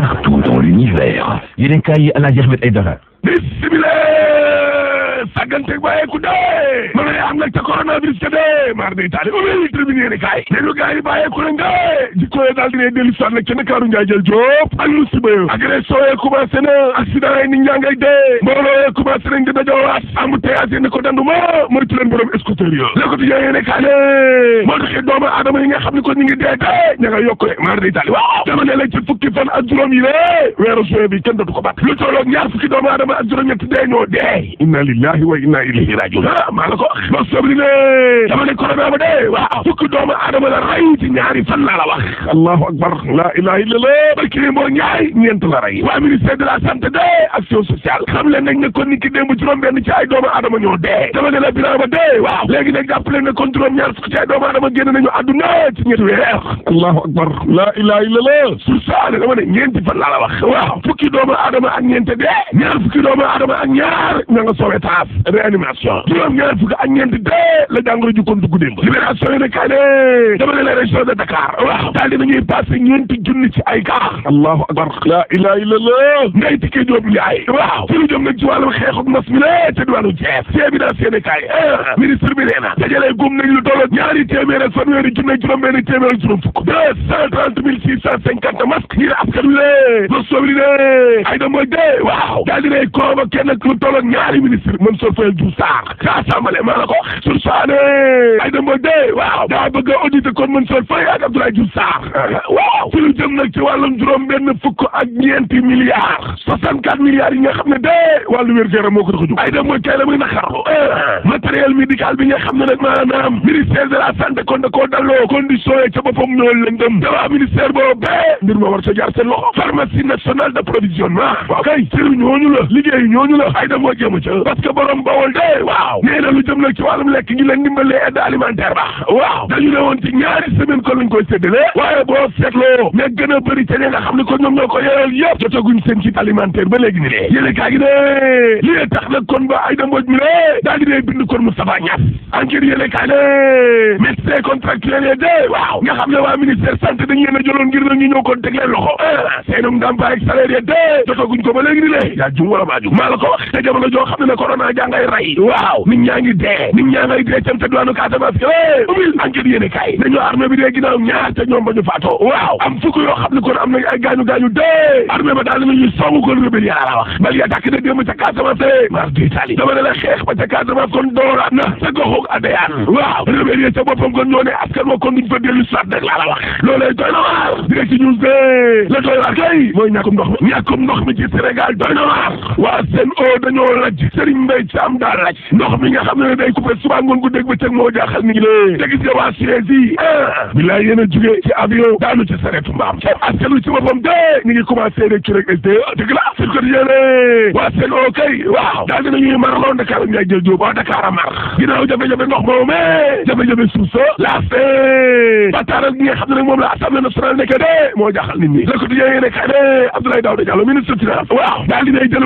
partout dans l'univers yéen a kaay yi El Hadj Ahmed Aïdara bismillah sàggante waaye ku dee ma nga am nag ca coronavirus ka dee mar day taali ubbi tribune ni kaay ne ñu gars yi bàyyee ku ne nga jikkooye daal dine dellu sat nag ca Ndakaaru njaay jël jóob ak musiba yo agression ye commencé na accident yi nit ñaa ngay dee mbooloo ye commencé nañ di dajawaat amu teyage ne ko danduma moytu leen borom scooter yo lékotu yooyee ne kaay ne moo ñu yokk mar day taali waaw dama ne la fukki fan ak juróom yi ne weeru juin bi kenn dootu ko bat lu tolloog ñaar fukki doomu aadama ak juróom lillahi wa inna ilayhi rajiun ah, maa la ko wax ba sobri ne dama ne corona ba dee waaw fukki doomu aadama la rey ci ñaari fan laa la wax allahu akbar la ilaha illallah barki ne moo ñaay ñeent la rey waa ministère de la santé de action sociale xam leen nañ ne kon ni ki démb juróom benn ci ay doomu aadama ñoo dee ne la bilan ba dee waaw léegi nag jàpp leen ne kon juróom ñaar fukki ñetti weer allahu akbar la ilaha illallah sur ça ne dama ne ñeenti fan laa la wax waaw fukki doomu aadama ak ñeent dee ñaar fukki urgence réanimation juróom-ñaar fukk ak ñeent dee la jàngoro ju kon dugg démb libération yi ne kaa ne dama ne la région de Dakar waaw daal di nañuy passé ñeenti junni ci ay cas allahu akbar la ilaha illallah ngay tikkee jóob njaay waaw ci lu jëm nag ci wàllu xeexuk mas mi la te diwaanu Thiès ci évidence yéene kaay ah. ministre bi nee na dajalee gum nañ lu toll ñaari téeméer ak fanweeri junne juróom benn téeméer ak juróom fukk deux cent trente mille six cent cinquante masques ñi ne askan wi le ba soobli ne ay da dee waaw daal di nay convoqué nag lu Mansour Faye Diouf Sarr ca assemblée maa la ko wax sur saane ay damba dee waaw daa bëgg a audité kon Mansour Faye ak Abdoulaye Diouf Sarr waaw ci lu jëm nag ci wàllum juróom benn fukk ak ñeenti milliards soixante-quatre milliards yi nga xam ne dee wàllu wér-gu-yaram moo ko tax a jóg ay damba kay la muy naqarlu ah. matériel médical bi nga xam ne nag maanaam ministère de la santé kon da koo dalloo condition yi ca ma war sa jaar seen loxo pharmacie nationale d'approvisionnement waaw kay sëriñ ñooñu ñooñu la ay a borom bawol de waaw nee na lu jëm nag ci wàllum lekk gi leen dimbalee aide alimentaire ba waaw dañu ne woon ci ñaari semaine kon lañ koy waaye boo seetloo ne gën a bëri ca ñi nga xam ne ko ñoom ñoo ko yoreel yëpp jotaguñ seen kit alimentaire ba léegi ni lee yéene kaa gi ne lii tax nag kon ba ay dambooj mi ne daal di ne bind kon Moustapha Niass enquête yéene kaa ne médecin contractuel de waaw nga xam a na ñu ñëw kon eh, de jotaguñ ko ba léegi ni lee yaa jum corona jàngay rey waaw nit ñaa ngi dee nit ñaa ngay dee cam te duwaanu Casamance é ubbil enquête yéene kay dañoo armée bi a ginnaaw ñaar te ñoom ba ñu faatoo waaw am fukk yoo xam ne kon am nañ ay gaañu gaañu dee armée ba daal nañu songu kon rébellion yaa la wax bal ya tàkk de démb ca Casamance é mar di tali dama la xeex ba ca Casamance kon dooraat na sa goxoog adayaan waaw rébellion ca boppam kon ñoo ne askan wa kon duñ fa dellu soit rek laa la wax loolee doy na mbay caam daa laaj ndox mi nga xam ne day coupé suba ngoon gu dégg ba cëg moo jaaxal nit ñi lé te gis nga waa Suez ah bilaay yéen a jugee ci avion daanu ci sareetu mbaam ca askanu ci boppam de ñu ngi commencé rek ci rek sd dëgg la sur quotidien waa seen oo kay waaw daal dinañuy mar loon Dakar a ngay jël jóob waa Dakar a mar ginnaaw jafe-jafe eh, jafe-jafe bi nga xam ne nag moom la assemblée nationale nekk de moo jaaxal nit ñi le quotidien yéene kay de Abdoulaye Daouda Diallo ministre finance waaw daal dinay jël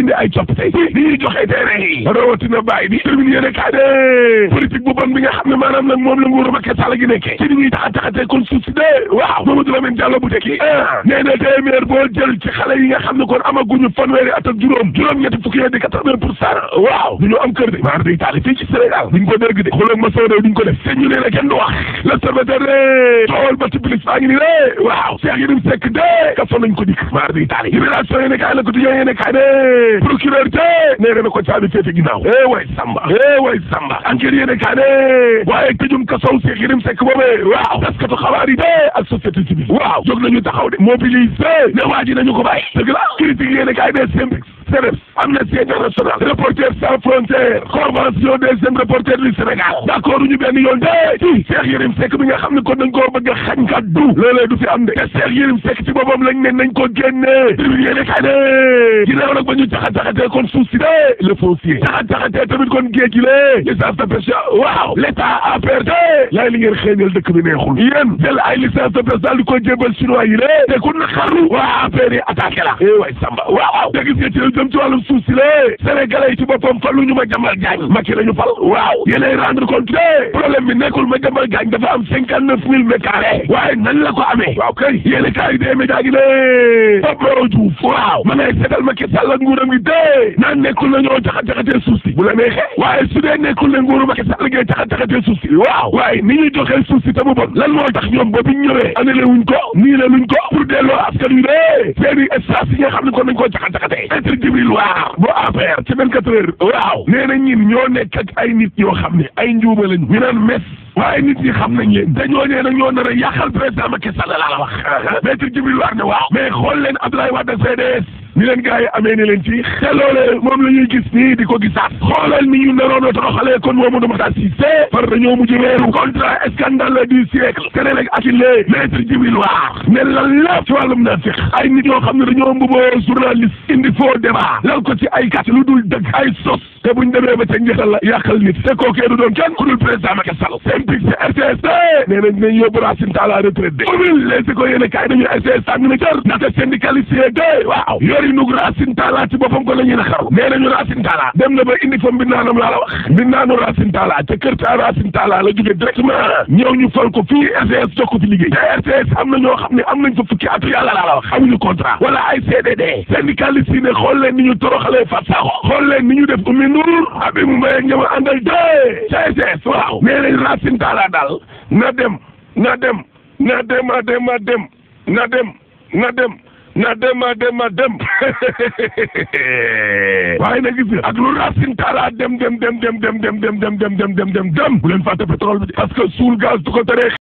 indi ay coppite ci li ñuy joxe terrain yi rawatina bàyyi bi termine yéene kaa de politique bu bon bi nga xam ne maanaam nag moom la nguuru Macky Sall gi nekkee ci ni ñuy taxa taxatee kon suuf si de waaw Mamadou Lamine Diallo bu tekki ah nee na téeméer boo jël ci xale yi nga xam ne kon amaguñu fanweeri at ak juróom juróom-ñetti fukki at di quatre-vingts pour cent waaw du ñu am kër de maar day taali fii ci Sénégal duñ ko dégg de xulak ma soo de duñ ko def te ñu nee na kenn du wax l'observateur de tool ba ci bilis baa ngi ni de waaw Cheikh Yérim Seck de ka fa nañ ko dikk maar day taali libération yéene kaay la ko ti yéene kaay de ne procureur te nee na ko caabi féete ginnaaw eh way samba eh way samba enquête yéene kaa ne waaye tëjum kasow Cheikh Yérim Seck boobee waaw taskatu xabaar yi de ak société waaw jóg nañu taxaw de mobiliser ne waa ji nañu ko bàyyi dëgg la critique CEDEF Amnesty International Reporters sans frontières convention des jeunes reporters du Sénégal d' ñu benn yoon de ci Cheikh Yérim Seck bi nga xam ne kon dañ koo bëgg a xañ kàddu loolee du fi am de te Cheikh Yérim Seck ci boppam lañ ne nañ ko génnee tribune yéene kay ne ginnaaw nag ba ñu jaxat-jaxatee kon suuf si de le foncier jaxat-jaxatee tamit kon géej gi lée licence de pêche waaw l' état a perdu yaay li ngeen xëeñal dëkk bi neexul yéen jël ay licence de pêche daal di ko jébal chinois ku naqarlu waa affaire yi attaqué la eh waay Samba waaw jëm ci wàllum suuf si lée sénégalais yi ci boppam falu ñu ma jambal jaañ Macky la ñu fal waaw yéenay rendre compte problème bi nekkul ma jambal jaañ dafa am cinquante neuf mille mètres carrés waaye nan la ko amee waaw kay yéene kaay dee média gi ne Pape Moro Diouf waaw ma ngay seetal Macky ak nguuram gi dee naan nekkul na ñoo jaxa-jaxatee suuf si bu la neexee waaye su dee nekkul na nguuru Macky Sall gee jaxa-jaxatee suuf waaw waaye ni ñuy joxee suuf si te mu lan moo tax ñoom ba biñ ñëwee annulé wuñ ko ko pour delloo askan wi dee seeni espace yi nga xam ne kon Jibril waaw bu affaire ci 24 heures waaw nee na ñin ñoo nekk ay nit yoo xam ne ay njuuma la ñu naan mes waaye nit ñi xam nañ leen dañoo nee na ñoo nar a yàqal président Macky Sall la la wax maître Jibril War ne waaw mais xool leen Abdoulaye Wade CDS ni leen gars yi amee ne leen ci te loolee moom la ñuy gis nii di ko gisaat xoolal ni ñu naroon a toroxalee kon Mamadou Makhtar Cissé far dañoo mujj weeru contrat scandale du siècle te ne nag atile maître Djibril Waar ne lan ci wàllum na ay nit yoo xam ne dañoo mbuboo journaliste indi faux débat lal ko ci ay kat lu dul dëgg ay sos te buñ demee ba ca njeexal la yàqal nit te kookee du doon kenn ku dul président Macky Sall sempig ci RTS nee nañ dinañ yóbbu Racine Talla retraite yarinug Racine Talla ci boppam ko la ñuy naqarlu nee nañu Racine Talla dem na ba indi fa mbindaanam laa la wax mbindaanu Racine Talla ca kër taa Racine Talla la jóge directement ñëw ñu fal ko fii RTS jox ko fi liggéey te RTS am na ñoo xam ne am nañ fa fukki at yàlla laa la wax amuñu contrat wala ay CDD syndicaliste yi ne xool leen ni ñu toroxalee Fat Sakho xool leen ni ñu def Oumy Ndour abi mu mbéyeg ñama àndal dé ca RTS waaw nee nañ Racine Talla daal na dem na dem na dem na dem na dem na dem na dem na dem a dem na dem waaye nag gis nga ak lu racine tara dem dem dem dem dem dem dem dem dem dem dem dem bu leen fàtte pétrole bi de parce que suul gaz du ko tere